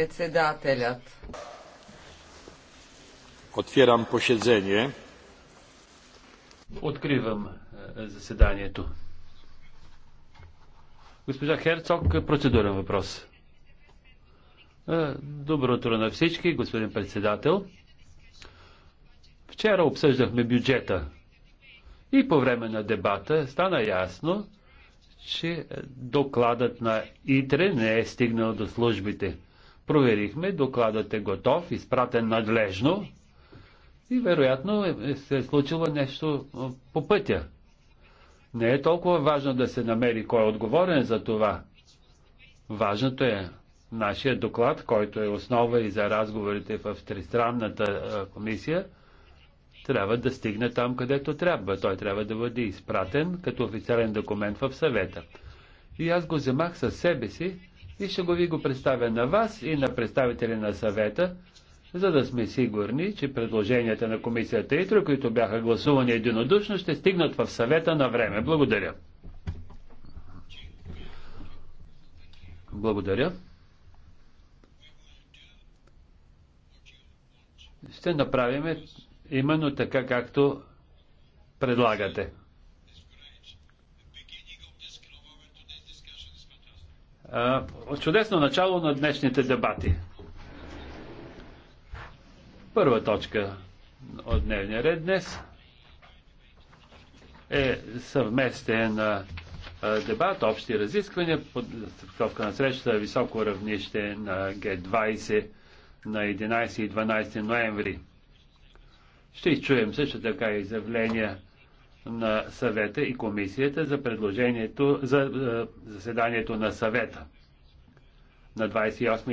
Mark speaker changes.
Speaker 1: Председателят. Отвирам Откривам е, заседанието. Госпожа Херцог, процедурен въпрос. Е, добро утро на всички, господин председател. Вчера обсъждахме бюджета и по време на дебата стана ясно, че докладът на ИТРЕ не е стигнал до службите. Проверихме, докладът е готов, изпратен надлежно и вероятно е, е, се е случило нещо по пътя. Не е толкова важно да се намери кой е отговорен за това. Важното е нашия доклад, който е основа и за разговорите в тристранната комисия, трябва да стигне там, където трябва. Той трябва да бъде изпратен като официален документ в съвета. И аз го вземах със себе си, и ще го ви го представя на вас и на представители на съвета, за да сме сигурни, че предложенията на комисията ИТРО, които бяха гласувани единодушно, ще стигнат в съвета на време. Благодаря. Благодаря. Ще направим именно така, както предлагате. чудесно начало на днешните дебати. Първа точка от дневния ред днес е съвместен дебат, общи разисквания, подготовка на среща високо равнище на Г20 на 11 и 12 ноември. Ще изчуем също така изявления на съвета и комисията за предложението за е, заседанието на съвета на 28